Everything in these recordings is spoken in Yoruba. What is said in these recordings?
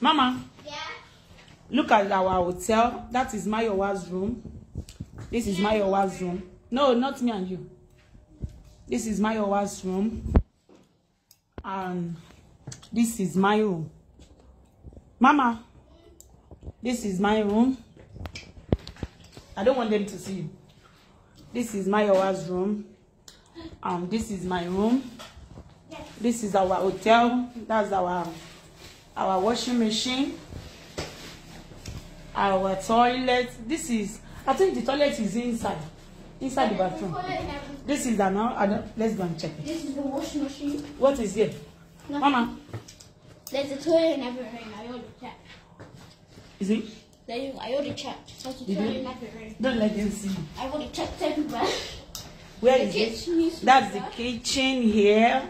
Mama. Yeah. Look at our hotel. That is Mayowa's room. This is Mayowa's room. No, not me and you. This is Mayowa's room. And this is my room. Mama, this is my room. I don't want them to see you. This is Mayowa's room. Um, this is my room. Yes. This is our hotel. That's our our washing machine our toilet this is i think the toilet is inside inside the bathroom this is the now and let's go and check it this is the washing machine what is here Nothing. mama there's a toilet and everything i already checked is it there i already checked there's a don't let them see i already checked everywhere where the is it is that's the kitchen here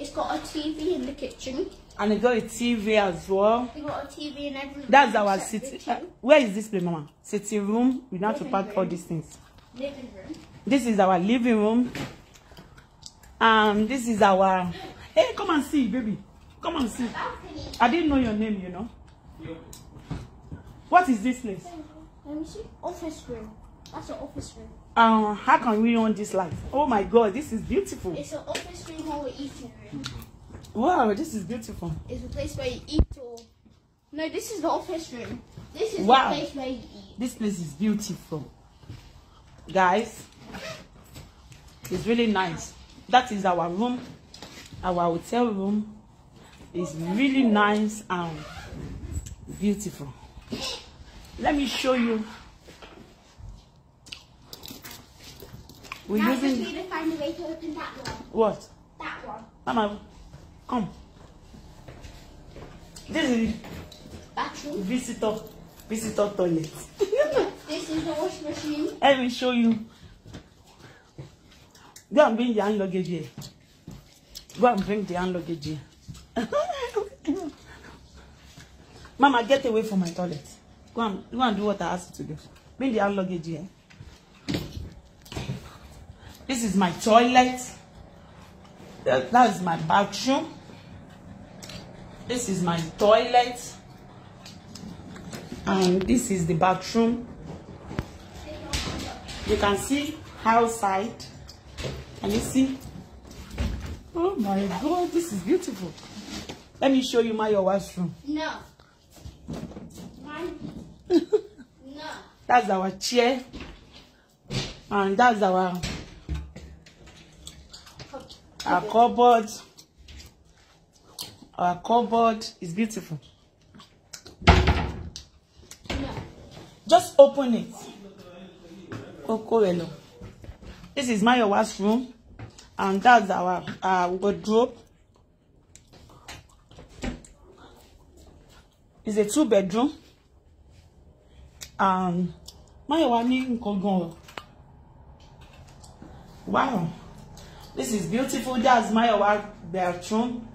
it's got a tv in the kitchen and he got a TV as well. He got a TV and everything. That's our sitting. Uh, where is this place, Mama? Sitting room. We don't have to pack room. all these things. Living room. This is our living room. Um, this is our. Hey, come and see, baby. Come and see. I didn't know your name, you know. What is this place? Let me see. Office room. That's an office room. Um, how can we own this life? Oh my God, this is beautiful. It's an office room or eating room. Wow, this is beautiful. It's the place where you eat or... No, this is the office room. This is wow. the place where you eat. This place is beautiful. Guys, it's really nice. That is our room. Our hotel room is really nice and beautiful. Let me show you. We're now using... we need to find a way to open that one. What? That one. Mama, Come. This is bathroom. Visitor. Visitor toilet. This is the wash machine. Let me show you. Go and bring the hand luggage here. Go and bring the hand luggage here. Mama, get away from my toilet. Go and, go and do what I asked you to do. Bring the hand luggage here. This is my toilet. That, that is my bathroom. This is my toilet. And this is the bathroom. You can see outside. Can you see? Oh my God, this is beautiful. Let me show you my your washroom. No. no. That's our chair. And that's our, our cupboard. Our cupboard is beautiful. Just open it. Okorelo. This is Mayowa's room. And that's our, our wardrobe. It's a two bedroom. And Mayowa ní nǹkan gan. Wow. This is beautiful. That's Mayowa bathroom.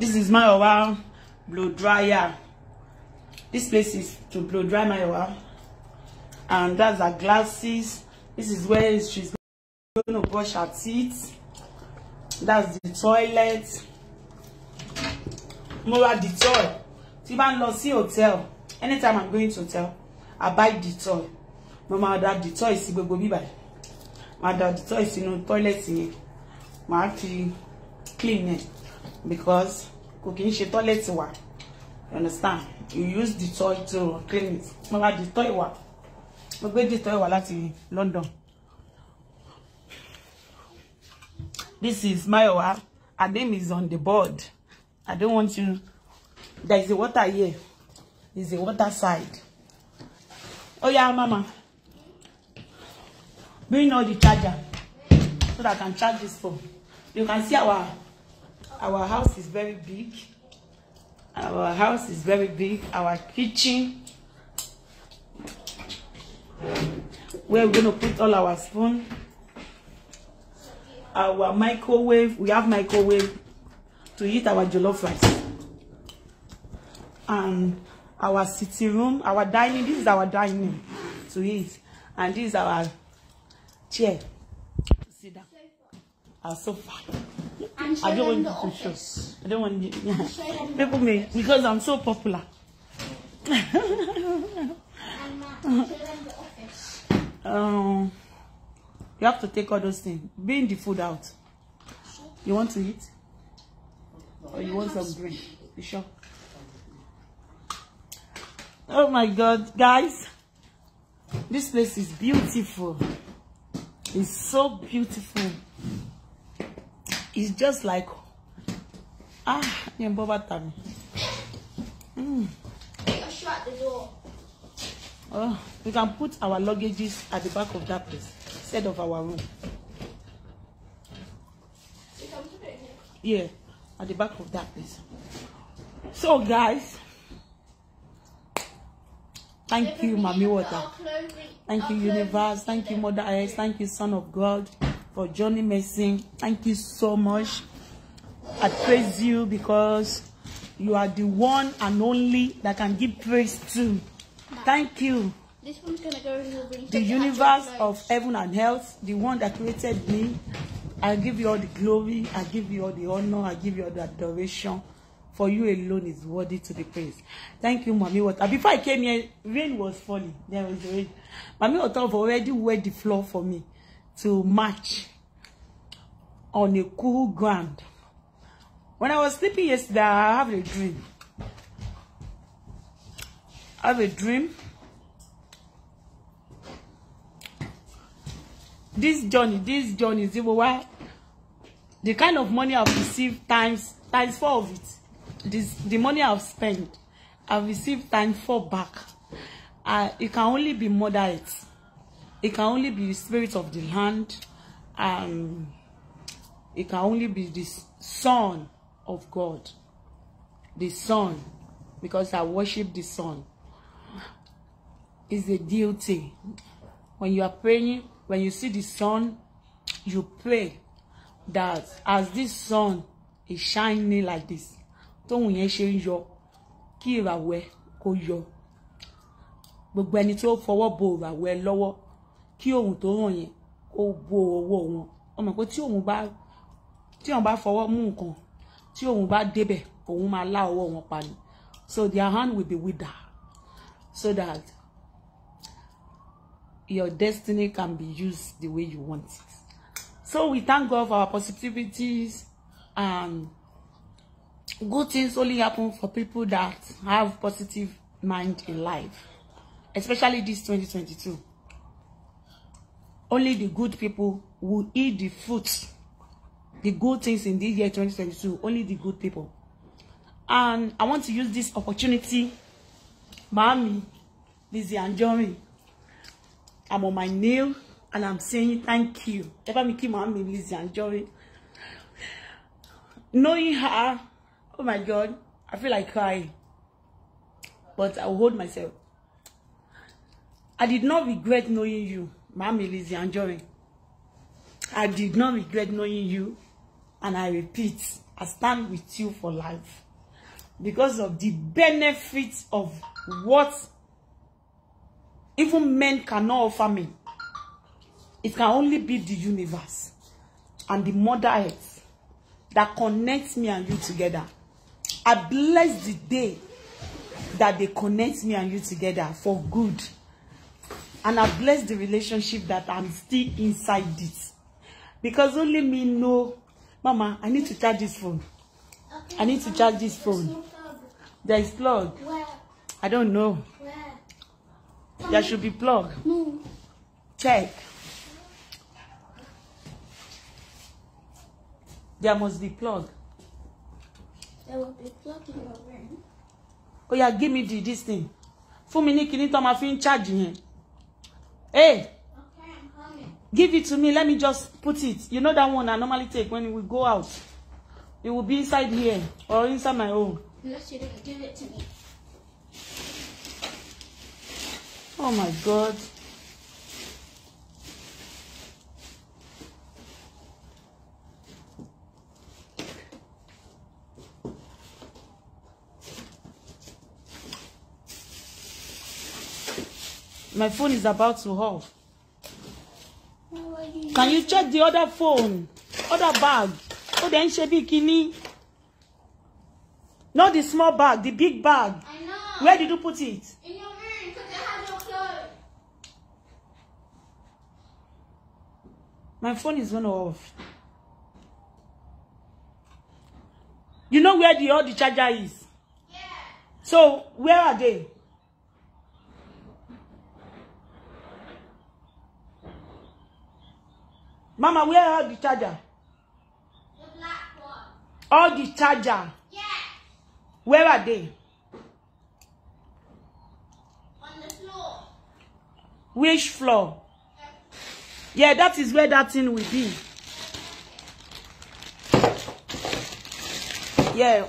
This is my oil blow dryer. This place is to blow dry my oil. And that's her glasses. This is where she's going to brush her teeth. That's the toilet. Mo ra Dettol. Even bá ń hotel. Anytime I'm going to hotel, I buy Dettol. Mo máa da Dettol sí gbogbo bíbà. Màá da Dettol sínú toilet My auntie, clean it because cooking she toilet wa you understand you use the Dettol to clean it mo ra Dettol wa mo gbé Dettol wa láti London this is my Mayowa her name is on the board I don't want you there is a water here is the water side oh yeah mama bring all the charger so that I can charge this phone you can see our our house is very big our house is very big our kitchen where we're going to put all our spoon our microwave we have microwave to eat our jollof rice and our sitting room our dining this is our dining to eat and this is our chair to sit down our sofa I don't want you to show. I don't want you. Yeah. People may because I'm so popular. um, you have to take all those things. Bring the food out. You want to eat? Or you want some drink? You sure? Oh my God, guys. This place is beautiful. It's so beautiful it's just like ah yẹn bọ́ bàtà mi. shut mm. oh, we can put our luggages at the back of that place instead of our room. Yeah, at the back of that place. So, guys, thank you, Mami Water. Thank you, Universe. Thank you, Mother Earth. Thank you, Son of God for Johnny Mason. Thank you so much. I praise you because you are the one and only that can give praise to. Thank you. This one's gonna go in the, the universe of heaven and health, the one that created me. I give you all the glory, I give you all the honor, I give you all the adoration. For you alone is worthy to be praised. Thank you, Mami Water. Before I came here, rain was falling. There was rain. Mami Water already wet the floor for me to march on a cool ground. When I was sleeping yesterday, I have a dream. I have a dream. This journey, this journey is even why the kind of money I've received times times four of it. This the money I've spent, I've received times four back. Uh, it can only be more than it it can only be the spirit of the land and um, it can only be the son of God the son because I worship the son is a duty when you are praying when you see the sun you pray that as this sun is shining like this tóun yẹn ṣe ń yọ kí ìràwọ̀ ẹ kó yọ gbogbo ẹni tó fọwọ́ bo ìràwọ̀ ẹ kí ohun tó hàn yẹn kó bo ọwọ́ wọn wọ́n mọ̀ pé tí òun bá tí òun bá fọwọ́ mú nǹkan tí òun bá débẹ̀ òun máa lá ọwọ́ wọn pa ni so their hand will be wither, so that your destiny can be used the way you want it so we thank God for our positivities and good things only happen for people that have positive mind in life especially this 2022 Only the good people will eat the fruits, the good things in this year 2022. Only the good people. And I want to use this opportunity, Mommy, Lizzie and Anjorin. I'm on my nail and I'm saying thank you. Ever me keep Mommy Lizzie and Anjorin. Knowing her, oh my God, I feel like crying. But I'll hold myself. I did not regret knowing you. Mommy and Anjorin. I did not regret knowing you, and I repeat, I stand with you for life because of the benefits of what even men cannot offer me. It can only be the universe and the mother earth that connects me and you together. I bless the day that they connect me and you together for good and I bless the relationship that I'm still inside it. Because only me know, Mama, I need to charge this phone. Okay, I need to charge this phone. There is plug. Where? I don't know. Where? There should be plug. No. Check. There must be plug. There will be plug in your room. Oh yeah, give me the, this thing. For me, ní kinní tó máa fi ń charge yẹn. Hey. Give it to me. Let me just put it. You know that one I normally take when we go out. It will be inside here or inside my own. Unless you didn't give it to me. Oh my God. My phone is about to off. Can you check the other phone? Other bag. Oh, then she ṣe bí Not the small bag, the big bag. I know. Where did you put it? In your room, because I have no clothes. My phone is going off. You know where the all the charger is? Yeah. So where are they? Mama, where are the charger? The black one. All the charger? Yes. Where are they? On the floor. Which floor? Yeah, that is where that thing will be. Yeah.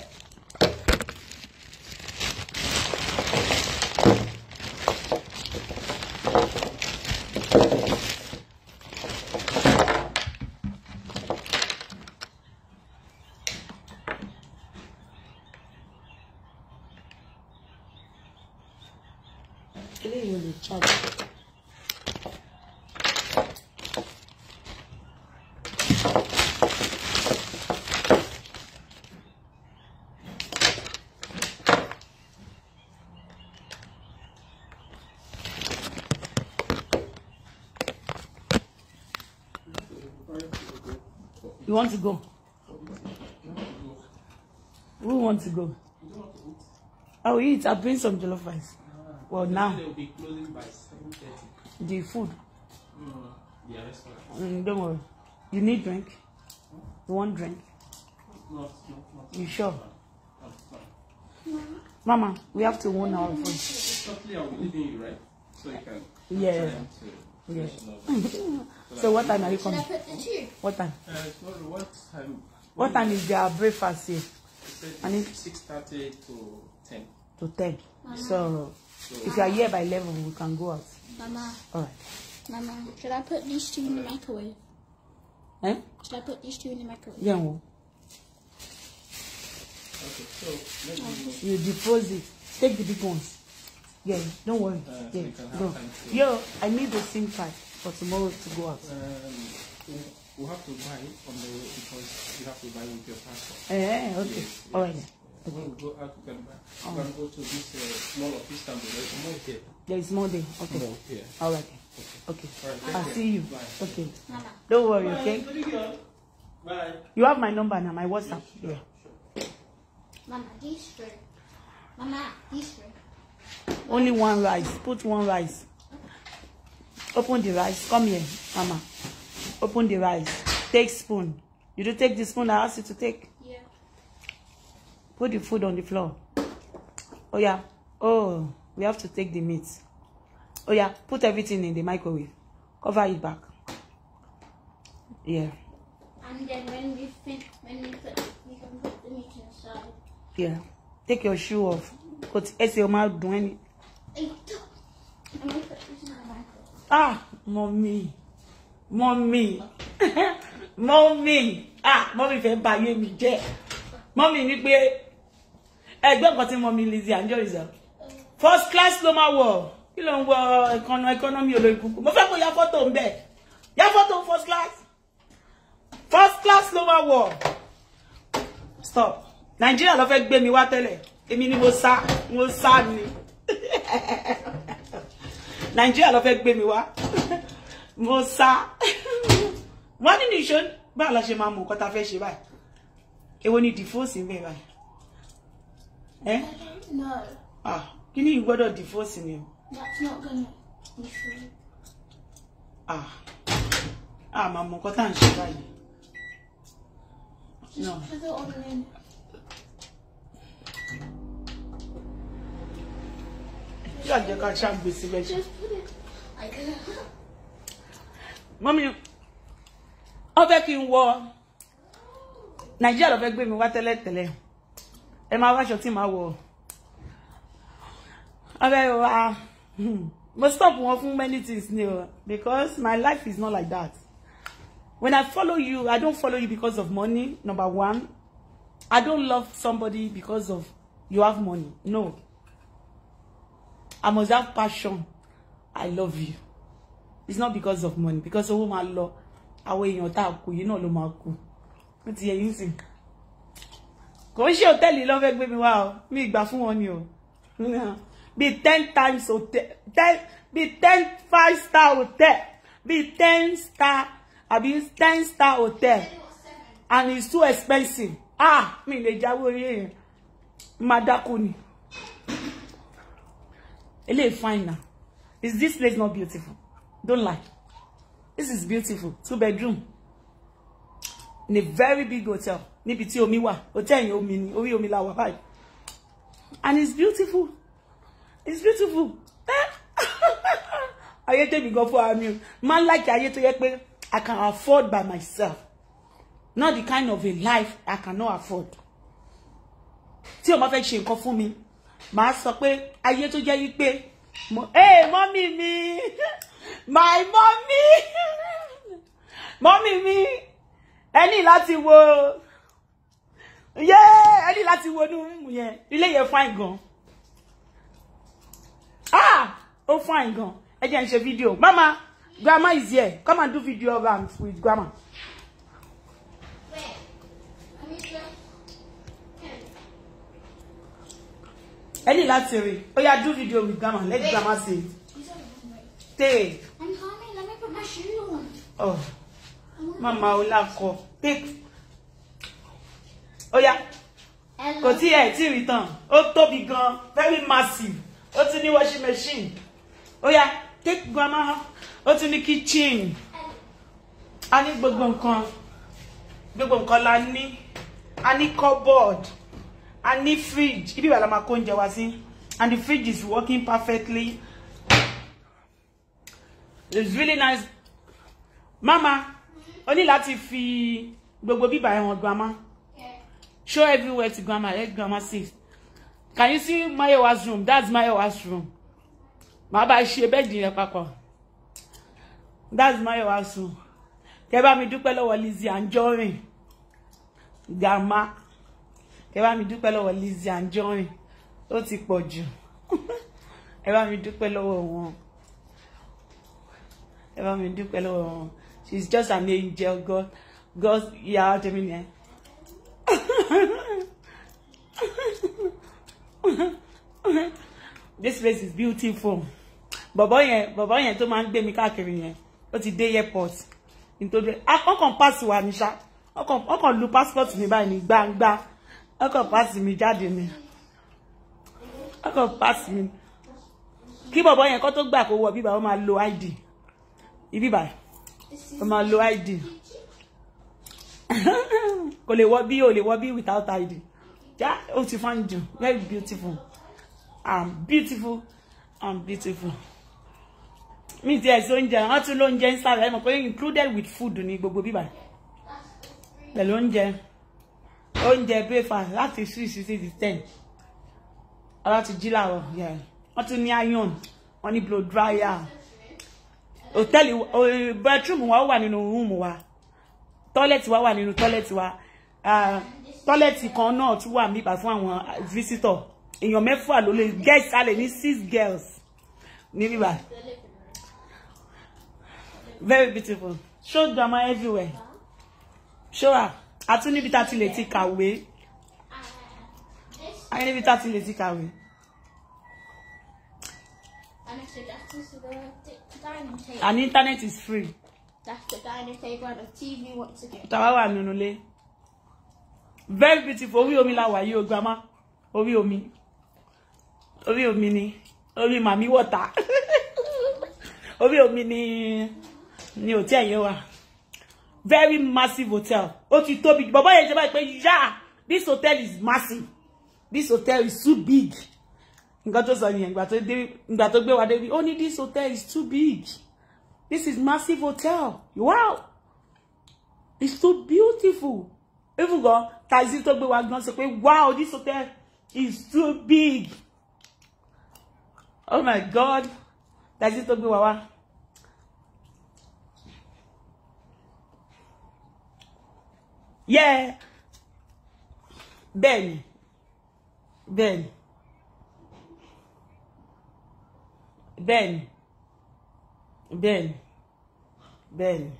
You want to go? Who want to go? I will eat. I bring some jollof rice. Well, now. The food? Mm, don't worry. You need drink? You want drink? You sure? Mama, we have to warn our food. Shortly, I'll be leaving you, right? So you can. Yeah. Okay. so what time are you coming? What time? Uh, what time? What time is their breakfast here? And it's six thirty to ten. To ten. Mama. So, so if you are here by eleven, we can go out. Mama. All right. Mama, should I put these two in the uh, microwave? Eh? Should I put these two in the microwave? Yeah. Okay. So let me. You deposit. Take the big ones. Yeah, don't worry. Uh, yeah, go. Yo, I need the SIM card for tomorrow to go out. Um, we have to buy on the way because you have to buy with your passport. Eh, eh, eh okay. Yes, yes. All right. Okay. When we go out, we can buy. Oh. We can go to this uh, office of Istanbul. There's more there. There is more there. Okay. More here. All right. Okay. okay. All right, I'll care. see you. Bye. Okay. Mama. Don't worry, Bye. okay? Bye. You have my number now, my WhatsApp. Yes, sure. Yeah. Sure. Mama, this shirt. Mama, this shirt. Only one rice. Put one rice. Open the rice. Come here, Mama. Open the rice. Take spoon. You do take the spoon I asked you to take? Yeah. Put the food on the floor. Oh, yeah. Oh, we have to take the meat. Oh, yeah. Put everything in the microwave. Cover it back. Yeah. And then when we finish, when we put, we can put the meat inside. Yeah. Take your shoe off. But tí your o máa dùn Ah, mommy. Mommy. mommy. Ah, mommy fẹ́ buy you me jẹ́. Mommy ní pé ẹgbẹ́ nǹkan tí mommy Lizzie Anjorin sọ. First class ló máa wọ̀. Kí ló ń wọ economy. ẹ̀kọ́nọ́mì olórí kúkú? Mo fẹ́ kó ya fọ́tò ń bẹ̀. Ya fọ́tò first class. First class ló máa wọ̀. Stop nàìjíríà ló fẹ́ gbé mi wá tẹ́lẹ̀ èmi ni mo sá mo sá ni nàìjíríà ló fẹ́ gbé mi wá mo sá wọ́n nínú ìṣó báwo la ṣe máa mọ̀ nǹkan tá a fẹ́ ṣe báyìí èwo ni dìfóòsì ń bẹ̀ báyìí ẹ́ ah kí ni ìgbọ́dọ̀ dìfóòsì ni o. That's not gonna be true. ah ah màá mọ̀ nǹkan tá à ń ṣe báyìí. no. Yóò jẹ́ ká ṣàgbèsí mẹ́ta. Mọ́mí, wọ́n fẹ́ kí n wọ Nàìjíríà lọ fẹ́ gbé mi wá tẹ́lẹ̀tẹ́lẹ̀. Ẹ máa wáṣọ tí màá wọ̀. Wọ́n fẹ́ wá. Hmm, mo stop wọn fún many things ni o because my life is not like that. When I follow you, I don't follow you because of money, number one. I don't love somebody because of you have money. No. I must have passion. I love you. It's not because of money. Because of máa lọ, àwọn èèyàn tá a kù yìí náà ló máa kù. Ó ti yẹ yín sìn. Kò ń ṣe hòtẹ́ẹ̀lì lọ́fẹ́ gbé mi you. Be Mi ten times hotel Be bí ten five star hotel Be ten star I be ten star hotel and it's too expensive. Ah! me lè jáwé orí máa dákú ni eléyìí fine na is this place not beautiful don't lie this is beautiful two bedroom in a very big hotel níbi tí omi wà hotel yẹn omi ni orí omi la wà báyìí and it's beautiful it's beautiful eh? ayé tèmi gan go for mi o Man like láìkí ayé tó yẹ pé I can afford by myself not the kind of a life I cannot afford tí o máa fẹ́ ṣe nǹkan fún mi màá sọ pé ayé tó jẹ́ wípé ee mọ́mì mi my mommy, mommy mi ẹ ní láti wo ẹ ní láti wo inú yẹn ilé yẹn fine gan ah ó fine gan ẹ jẹ́ n video. mama grandma is here come and do video of am with grandma. Where? Any ní láti rí ó do video with grandma let grandma see it take. I'm coming let me put my shoe on. Oh. mama olakọ take. ó yá kò Here ẹ tí rí tán ó tóbi gan very massive Oh, tún ní washing machine ó yá take grandma Oh, tún the kitchen a ní gbogbo nǹkan gbogbo nǹkan la ní a ní cupboard a ní fridge ibi ìbàlá máa kó and the fridge is working perfectly it's really nice mama only ní láti fi gbogbo bíbà ẹ̀wọ̀n grandma show everywhere to grandma let grandma see can you see my washroom? that's my washroom. màá bá ṣe bẹ́ẹ̀dì rẹ papọ̀ that's my washroom. Keba bá mi dúpẹ́ lọ́wọ́ Lizzie Anjorin grandma kẹ bá mi dúpẹ́ lọ́wọ́ Lizzie Anjorin ó ti pọ̀ jù ẹ bá mi dúpẹ́ lọ́wọ́ wọn ẹ bá mi dúpẹ́ lọ́wọ́ wọn she is just an angel god god yàrá tèmi nìyẹn. this place is beautiful bọ̀bọ̀ yẹn bọ̀bọ̀ yẹn tó máa ń gbé mi káàkiri yẹn ó ti dé airport nítorí ah, ọkàn pass wà ní sá ọkàn lu passport mi báyìí ní gbangba ọkọ̀ pàṣẹ mi jáde ni ọkọ̀ pàṣẹ mi kí bọ̀bọ̀ yẹn kọ́ tó gbà kó wọ bíbá ó my low id ibíbá ó máa lo id kò lè wọ bí ò lè wọ without id Yeah, ó ti find you very beautiful i'm beautiful i'm beautiful mi ti ẹ̀sìn oúnjẹ wọ́n tún lóúnjẹ ń sáré ẹ̀ I'm going included with food ní gbogbo bíbá pẹ̀lú oúnjẹ oúnjẹ breakfast láti three sixty to ten ọlá ti jí làárọ̀ yẹn wọ́n tún ní iron wọ́n ní blow dryer hòtẹ́ẹ̀lì bedroom wa wà nínú room wa tọ́lẹ̀tì wa wà nínú tọ́lẹ̀tì wa ah, tọ́lẹ̀tì kan náà tún wà níbà fún àwọn visitor èèyàn mẹ́fà ló lè guest alẹ̀ ní six girls ní bíbà very beautiful show drama everywhere show her a tún níbi tá ti lè ti kàwé a níbi tá ti lè ti kàwé. and internet is free. That's the dining table and the TV once again. Tàwa wà nínú ilé. Very beautiful. Orí omi la wà yìí o, grandma. Orí omi. Orí omi ni. Orí màmí wọ̀tá. Orí omi ni ni òtí ẹ̀yẹ wà very massive hotel ó ti tóbi jù bàbá yẹn ṣe báyìí this hotel is massive this hotel is too big nǹkan tó sọ nìyẹn ìgbà tó de, ìgbà tó gbé wa débi ó ní this hotel is too big this is massive hotel wow it's too beautiful even gan taxi tó gbé wa gan sọ pé wow this hotel is too big oh my god tazi tó gbé wa wá yeah Ben, Ben, Ben, Ben. bẹ́ẹ̀ni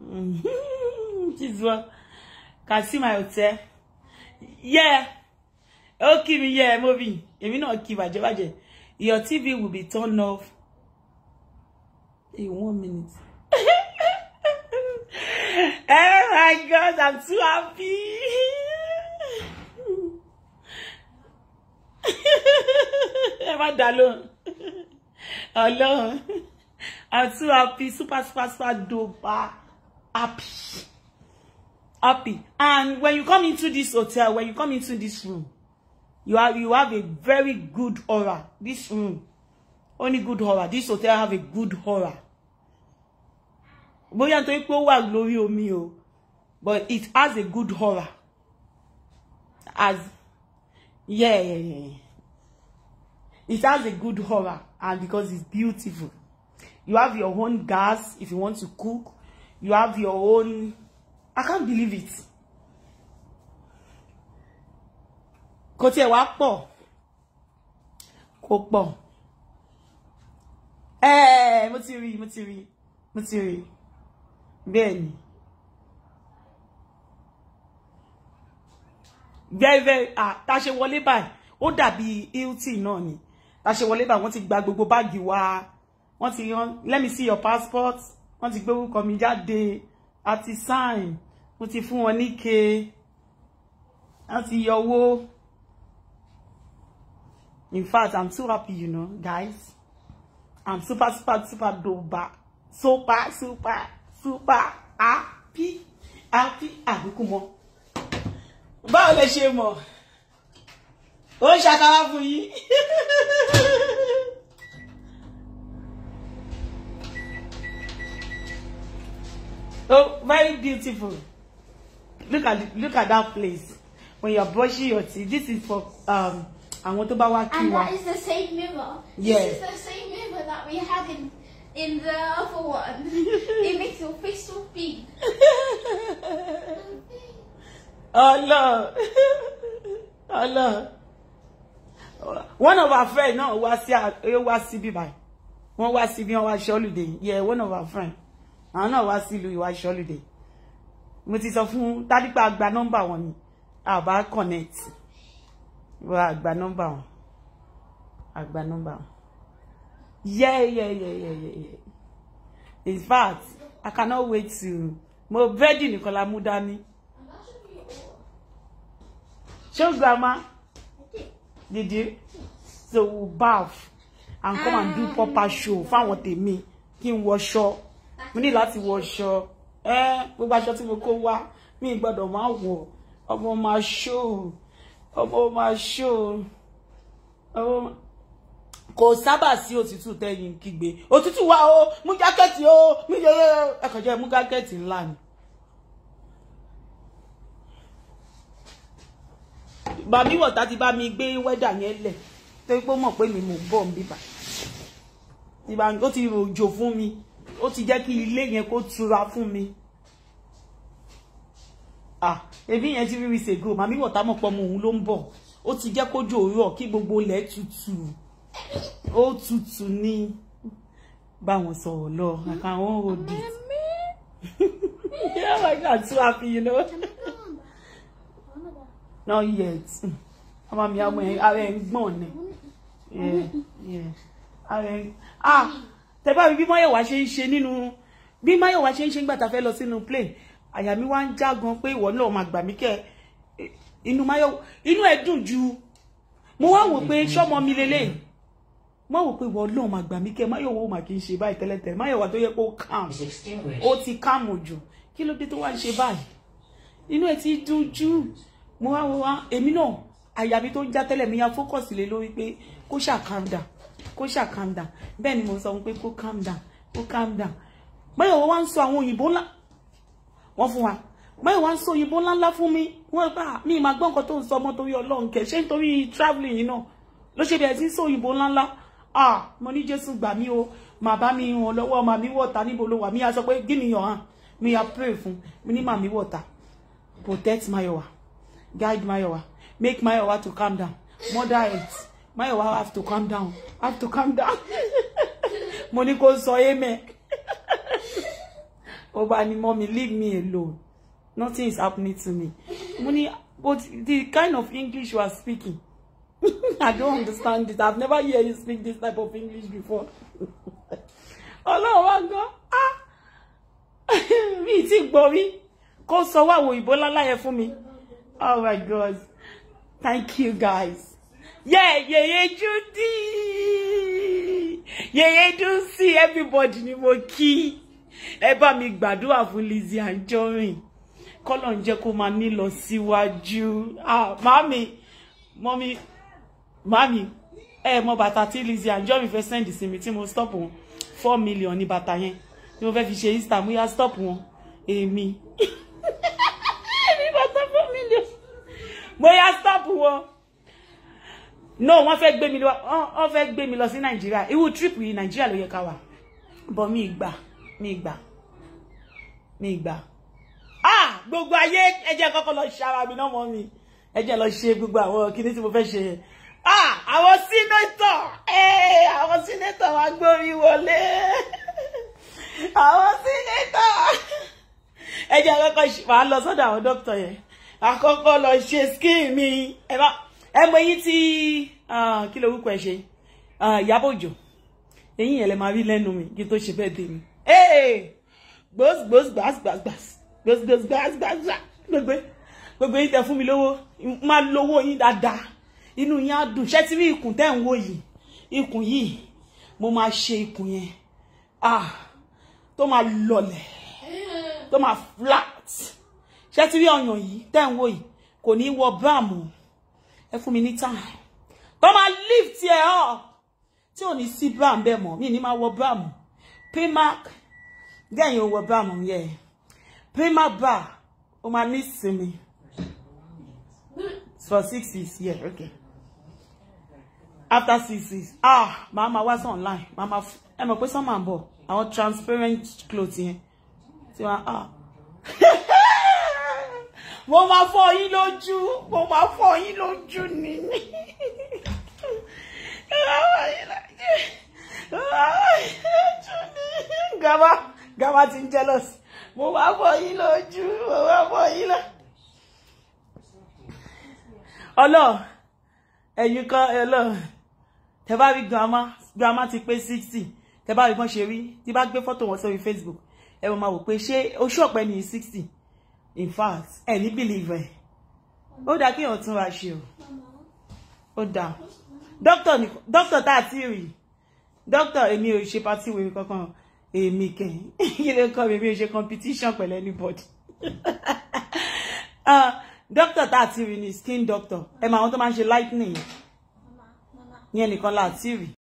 mm-hmm. Chizwa can see my hotel yeah ó kí mi yeah mobi èmi náà kí bàjẹ́ bàjẹ́ your tv will be turned off in one minute. my God, I'm too happy. I'm not alone. Alone. I'm too happy, super, super, super duper happy. Happy. And when you come into this hotel, when you come into this room, you have, you have a very good aura. This room, only good aura. This hotel have a good aura. Bóyá nítorí pé ó wà lórí omi o but it has a good horror as yeah, yeah, yeah it has a good horror and because it's beautiful you have your own gas if you want to cook you have your own i can't believe it Kote tiẹ̀ wá pọ̀ kò pọ̀ ẹ̀ẹ́ eh, mo ti rí mo ti rí mo ti rí bẹ́ẹ̀ very very ah tá a ṣe wọlé báyìí ó dàbí hilti náà ni tá a ṣe wọlé báyìí wọ́n ti gba gbogbo báàgì wa wọ́n ti yan let me see your passport wọ́n ti gbé orúkọ mi jáde àti sign mo ti fún wọn níke àti yọwó in fact i'm too happy you know guys i'm super super super doba super super super happy happy àbíkú mọ́ báwo lẹ ṣe mọ̀ ó ń ṣàkáwá fún yín. Oh, very beautiful. Look at look at that place. When you're brushing your teeth, this is for um àwọn tó bá wá kí wa. And that is the same mirror. Yes. This is the same mirror that we had in in the other one. It makes your face so big. Allah Allah one of our friend náà wá sí wá sí by, wọ́n was sí bí wọ́n wá ṣọ́lùdé yeah one of our friend àwọn náà wá sí ìlú ìwà ṣọ́lùdé mo ti sọ fún tádípa àgbà number one. ni àbá connect wọ́n number. nọ́mbà wọn àgbà nọ́mbà wọn yeah yeah yeah yeah yeah in fact I cannot wait to mo bẹ́ẹ̀dì nìkan la mú Show grandma. Did you? So we'll bath and come and do ah. proper show. Find what they mean. Fáwọn wash kí We need Mo ní wash wọṣọ. Eh, we gbogbo aṣọ tí mo kó wá. Mi gbọ́dọ̀ máa wọ̀. Ọmọ my show. Ọmọ my show. Ọmọ kò sábà sí òtútù tẹ́yìn kígbe. Òtútù wá o, mú jákẹ́ẹ̀tì o, mú jẹ́ ẹ̀kọ́jẹ́ mú jákẹ́ẹ̀tì ńlá ni. bàmí wọ̀tá ti bá mi gbé wẹ́dà yẹn lẹ̀ tó pé mọ̀ pé mi mò ń bọ̀ ń bíbà ìbá ó ti ròjò fún mi ó ti jẹ́ kí ilé yẹn kó tura fún mi ah èmi yẹn ti rí rí ṣègò màmí wọ̀tá mọ̀ pọ̀ mọ òun ló ń bọ̀ ó ti jẹ́ kójò rọ̀ kí gbogbo ilẹ̀ tutù ó tutù ni bá wọn sọ̀rọ̀ lọ àkàwọn òdì yeah, like I'm too happy, you know not yet I'm a àwọn ara ẹ̀ ń Yeah, ni ara ah the baby bí Máyọ̀wá ṣe ń ṣe nínú bí Máyọ̀wá ṣe ń ṣe ń gbà tá a fẹ́ lọ sínú plane àyà mi wá ń já gan pé ìwọ Inu máa gbà mí kẹ́ inú Máyọ̀ inú ẹ̀ dùn ju mo wá wò pé ṣọ́mọ mi lélẹ́yìí má wò pé ìwọ ọlọ́run máa gbà mí kẹ́ Máyọ̀wá ò mà kí n to báyìí tẹ́lẹ̀tẹ́lẹ̀ Máyọ̀wá tó calm ó ti calm jù kí ló dé tó wá ń ṣe báyìí ti dùn mo wá wá èmi náà àyà mi tó ń já tẹ́lẹ̀ mi ya fókọ̀sì lé lórí pé kó ṣà calm down kó ṣà calm down bẹ́ẹ̀ ni mo sọ pé kó calm down kó calm down báyọ̀ wọ́n wá ń sọ àwọn òyìnbó ńlá wọ́n fún wa báyọ̀ wá ń sọ òyìnbó ńlá ńlá fún mi wọ́n gbà mí ìmọ̀ gbọ́ nǹkan tó ń sọ ọmọ torí ọlọ́run kẹ̀ ṣé nítorí travelling yìí náà ló ṣe bẹ̀rẹ̀ sí ń sọ òyìnbó ńlá ńlá ah mo ní jésù gbà mí o màá bá mi ràn lọ́wọ́ màá mi wọ̀ta níbo ló wà mí a sọ pé gíníyàn hàn mi a pray fún mi ní màá mi wọ̀ta protect my wa guide Mayowa. Make Mayowa to calm down. Mother it. Mayowa have to calm down. Have to calm down. Moniko so amen. Obani mommy, leave me alone. Nothing is happening to me. Money, but the kind of English you are speaking, I don't understand it. I've never heard you speak this type of English before. Ọlọ́run wá gan, ah! Mi ti gbọ́ rí, kó sọ wá wo ìbò lálá yẹn Oh my God. Thank you guys. Yeah, yeah, yeah, Judy. Yeah, Yeye Dunsi, everybody ni mo kí. Ẹ bá mi gbàdúrà fún Lizzy Anjorin. Kọ́lọ̀ ń jẹ́ kó máa nílọ síwájú. Ah, mommy, mommy, màmí, ẹ mọ bàtà tí Lizzy Anjorin fẹ́ send sí mi tí mo stop wọn. Four million ni bàtà yẹn. Tí mo fẹ́ fi ṣe Insta, mo yá stop wọn. Èmi. mo yá stop wọn no wọ́n fẹ́ gbé mi lọ wọ́n fẹ́ gbé mi lọ sí nàìjíríà irú trip yìí nàìjíríà ló yẹ ká wà bọ́ mi ìgbà mi ìgbà mi ìgbà ah gbogbo ayé ẹ jẹ́ kọ́kọ́ lọ ṣe ara mi náà mọ́ mi ẹ jẹ́ lọ ṣe gbogbo àwọn kinní tí mo fẹ́ ṣe yẹn ah àwọn sínétọ̀ ẹ̀ eh, àwọn sínétọ̀ wa gbórí wọlé àwọn sínétọ̀ ẹ jẹ́ kọ́kọ́ wàá lọ sọ́dọ̀ àwọn dókítà yẹn àkọ́kọ́ lọ ṣe skin mi ẹ bá ẹ ti eyín tí kí ló wúkọ ẹ ṣe Ìyábọ̀ Òjó eyín yẹn lè máa rí lẹ́nu mi kí n tó ṣe bẹ́ẹ̀ dé mi gbòs gbòs gbàs gbàs gbàs gbòs gbòs gbàs gbàs gbàs gbogbo gbogbo yín tẹ fún mi lówó máa lówó yín dáadáa inú yín á dùn ṣé tí rí ikùn tẹ́ ń wò yìí ikùn yìí mo máa ṣe ikùn yẹn ah tó máa lọlẹ̀ tó máa flat ṣé ti rí ọyàn yìí tẹ́ ń wò yìí kò ní wọ báàmù ẹ fún mi ní time tó máa lift ẹ ọ tí ò ní sí báàmù bẹ́ẹ̀ mọ́ mi ní máa wọ báàmù primark gẹ́yìn ò wọ báàmù yẹ primark bar ó máa ní ìsinmi for six years yeah okay after six years ah màá máa wá sí online màá máa ẹ mọ̀ pé sọ́mà ń bọ̀ àwọn transparent cloth yẹn tí wọ́n ah. mo máa fọ́ yín lójú mo máa fọ́ yín lójú ni gàmá gàmá ti ń jealous mo máa fọ́ yín lójú mo máa fọ́ yín lójú. ọlọ́ọ̀ ẹ̀yin kan ọlọ́ọ̀ tẹ bá rí grandma grandma ti pé sixty tẹ bá rí bọ́n ṣe rí tí bá gbé fọ́tò wọn sórí Facebook ẹ máa wò pé ṣé oṣù ọ̀pẹ nìyí sixty in fact ẹ ní believe ẹ ó dáa kí èèyàn tún ra ṣe o ó dáa dókítà ní dókítà tá a ti rí dókítà èmi ò ṣe pati wèrè kankan èmi kẹyìn kí ló kọ mi èmi ò ṣe competition pẹ̀lú anybody ah, dókítà tá a ti rí ni skin doctor ẹ mọ àwọn tó máa ń ṣe lightning yẹn nìkan láti rí.